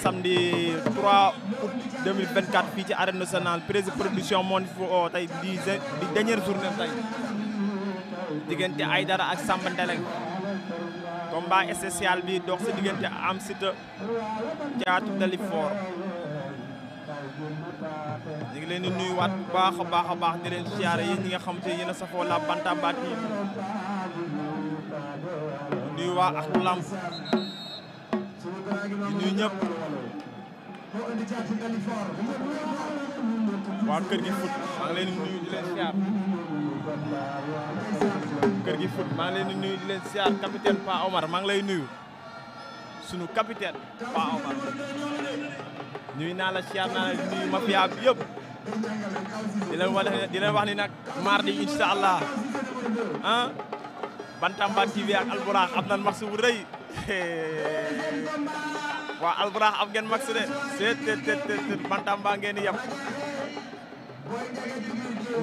samedi 3 août 2024 fii ci arène nationale Prési production moo fi oo tey di di dernière journée tey diggante Aïdara ak Samba Ndeleng combat spécial bi dox si diggante am site Thiatou Dalifort ñu ngi leen di nuyuwaat bu baax a baax a baax di leen siyaare yéen ñi nga xam te ne yéen a safoo la Bantamba TV waa ak lamb di ñëpp waa kër gi foot maa ngi leen di nuyu kër gi foot maa ngi leen di nuyu di Pa Omar maa ngi lay nuyu sunu capitaine Pa Omar nuyu naa la siyaar naa la di nuyu mafia yëpp di wax di leen wax ni nag allah ah Bantamba TV Alburaax am nan marché rëy waa Albraax am ngeen max de seet seet seet seet bantamba ngeen di yab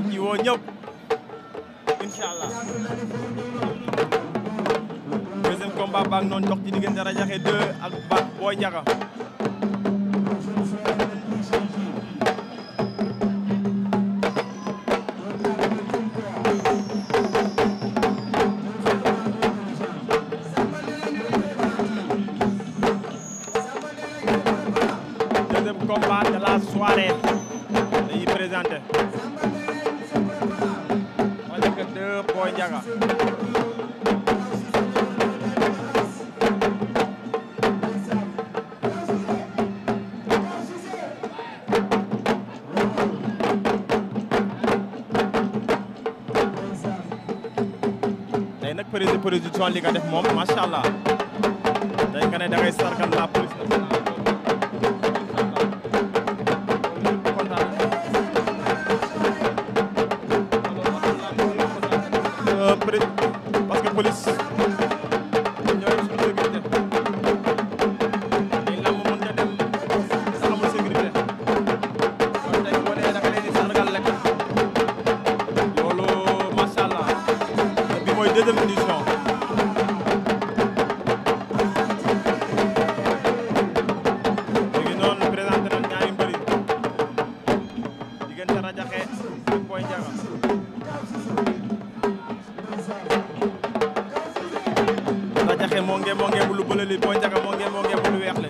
ñi woo ñëpp inchaallah deuxième baag noonu dox ci diggante Radiakhé 2 ak ba Boy Ndiaga présenté moo nekk deux Boy Ndiaga tey nag président production li nga def moom macha allah tey nga ne da ngay sargal la police de munitions. léegi noonu présenté nañ ñaari mbëri diggante Radiakhé ak Boy Ndiaga. Radiakhé moo ngi moo ngi bu lu bële li Boy Ndiaga moo ngi moo ngi bu lu weex li.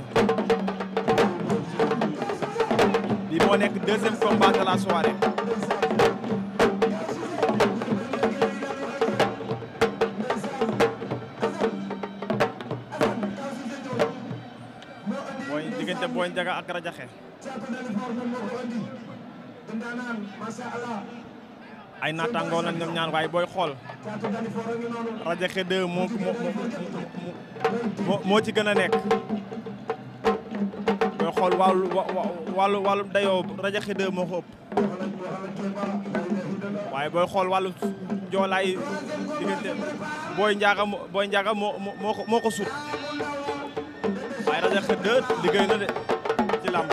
lii moo nekk deuxième combat de la soirée. diggante Boy ak Rajaxe ay naataangoo lañ ñoom ñaar waaye booy xool Rajaxe 2 moo moo ci gën a nekk booy xool wàllu wàllu wàllu Rajaxe 2 moo ko waaye booy xool wàllu joolaay diggante njaga Ndiaga Boy moo moo ko Ladeer Xëdër liggéey na de ci làmb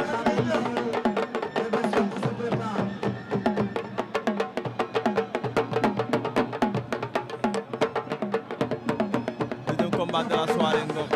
deuxième combat de la soirée ngoog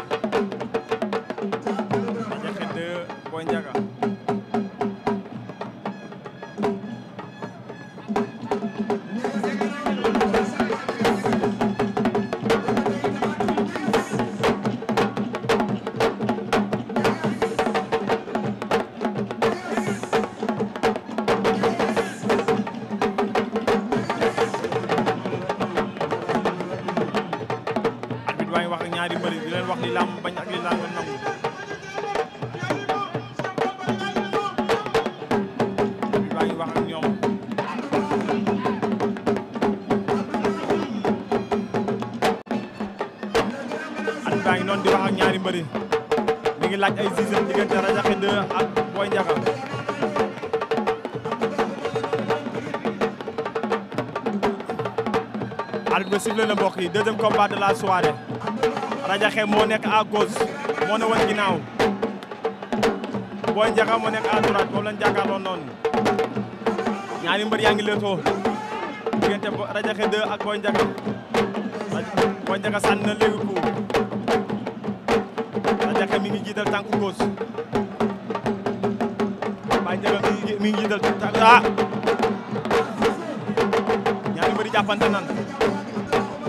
arbitre baa ngi wax ak ñaari mbëri di wax li làmb bañ ak ngi wax ak ñoom arbitre ñaari mbëri mi ngi laaj ay sixième diggante Radiakhé 2 ak Boy Ndiaga arbitre bi sifflé na mbokk yi deuxième combat de la soirée Radiakhé moo nekk à gauche moo ne woon ginnaaw Boy Ndiakha moo nekk à droite moom lañ jàkkaarloo noonu ñaari mbër yaa ngi leetoo diggante Radiakhé 2 ak Boy Ndiakha Boy Ndiakha sànni na léegi ko Radiakhé mi ngi jiital tànku gauche Boy Ndiakha mi ngi jiital tànku ah ñaari mbër yi jàppante nan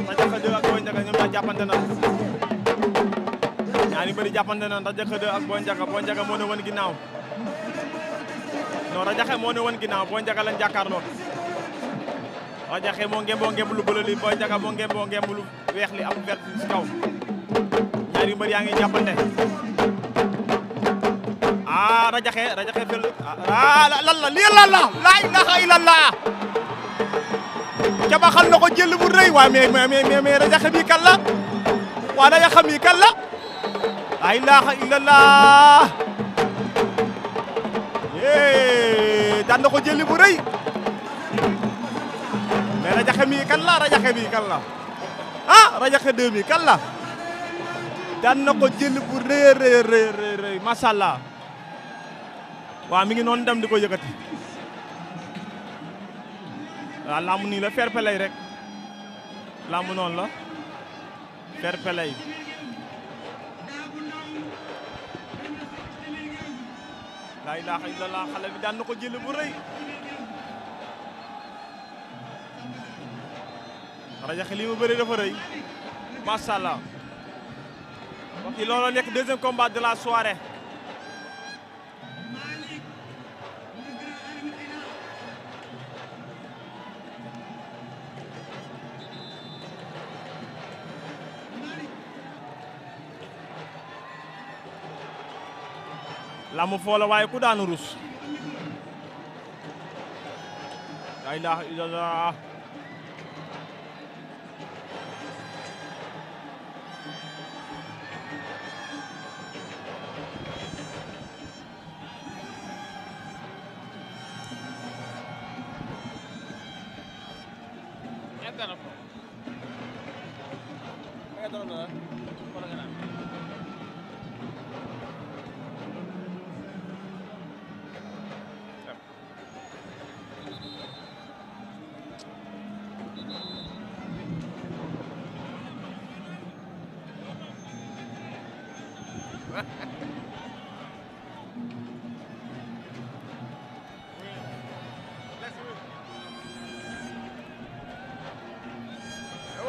Radiakhé 2 ak Boy ñoom ñaar jàppante ñaari i jàppante na Radiakhé 2 ak Boy Ndiaga Boy Ndiaga moo ne woon ginnaaw non Radiakhé moo ne woon ginnaaw Boy Ndiaga lañ jàkkaarloo Radiakhé moo ngem boo ngem lu bële li Boy Ndiaga moo ngem boo ngem lu li am vert ci kaw ñaari mbër yaa ngi jàppante ah Radiakhé Radiakhé fel ah lan la lii lan la la ilaha illallah jabaxal na ko jël bu rëy waaye mais mais mais Radiakhé bii kan la waaw Radiakhé bii ay ilaaha illallah yee daan na ko jëli bu rëy mais rajaxe mi kan la rajaxe mi kan la ah rajaxe deux mi kan la daan na ko jëli bu mi ngi noonu dem di ko yëkkati nii la fair rek làmb noonu la fair laa ilaaha illallah xale bi daan na ko jël bu rëy rajaxe lii mu dafa rëy macha allah wax yi loolu nekk deuxième combat de la lamb foola waaye ku daan rus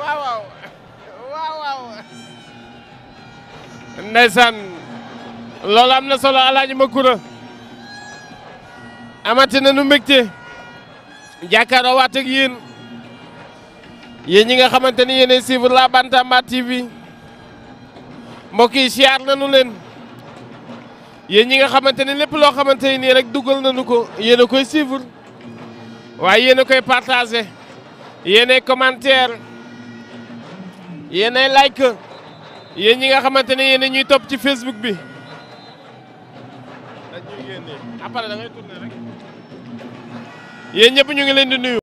waaw waaw waaw loolu am na solo alaaji Makura amati na nu mbégte jàkkaaroo waat ak yéen yéen nga xamante ni yéenay suivre la Bantamba TV mbokk yi siyaar nañu leen yéen ñi nga xamante ne lépp loo xamante ne nii rek dugal nañu ko yéen a koy suivre waaye yéen a koy partagé yéen ay commentaire yéen ay like yéen ñi nga xamante ne yéen a ñuy topp ci Facebook bi. après da ñëpp ñu ngi leen di nuyu.